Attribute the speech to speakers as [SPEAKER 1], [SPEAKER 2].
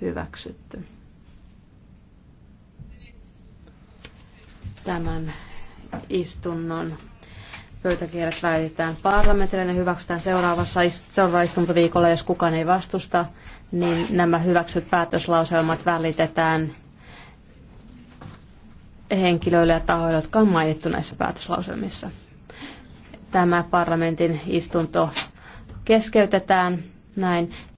[SPEAKER 1] hyväksytty.
[SPEAKER 2] Tämän istunnon pöytäkirjat välitetään parlamentille, ja hyväksytään seuraavassa seuraavalla istuntoviikolla, jos kukaan ei vastusta, niin nämä hyväksyt päätöslauselmat välitetään henkilöille ja tahoille, jotka on mainittu näissä päätöslauselmissa.
[SPEAKER 3] Tämä parlamentin istunto keskeytetään näin